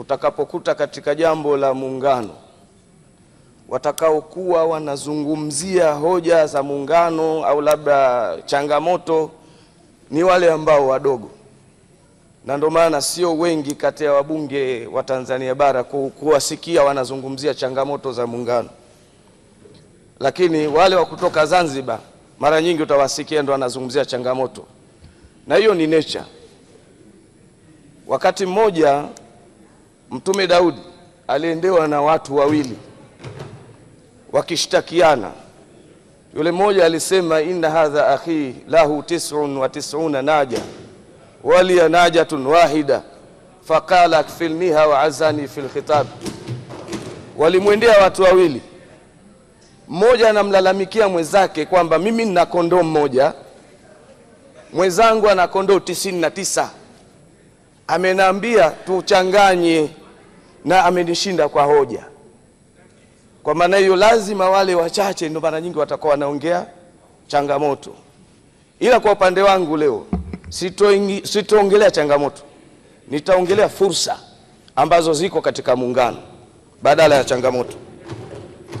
utakapokuta katika jambo la muungano watakaokuwa wanazungumzia hoja za muungano au labda changamoto ni wale ambao wadogo, na ndio maana sio wengi kati ya wabunge wa Tanzania bara kuwasikia wanazungumzia changamoto za muungano, lakini wale wa kutoka Zanzibar mara nyingi utawasikia ndo wanazungumzia changamoto, na hiyo ni nature. Wakati mmoja Mtume Daudi aliendewa na watu wawili wakishtakiana. Yule mmoja alisema inna hadha akhi lahu tis'un wa tis'una naja waliya najatun wahida faqala akfilniha wa azani fi khitab. Walimwendea watu wawili, mmoja anamlalamikia mwenzake kwamba mimi nina kondoo mmoja, mwenzangu ana kondoo tisini na tisa, amenaambia tuchanganye na amenishinda kwa hoja. Kwa maana hiyo, lazima wale wachache ndio mara nyingi watakuwa wanaongea changamoto, ila kwa upande wangu leo sito changamoto, nitaongelea fursa ambazo ziko katika muungano badala ya changamoto.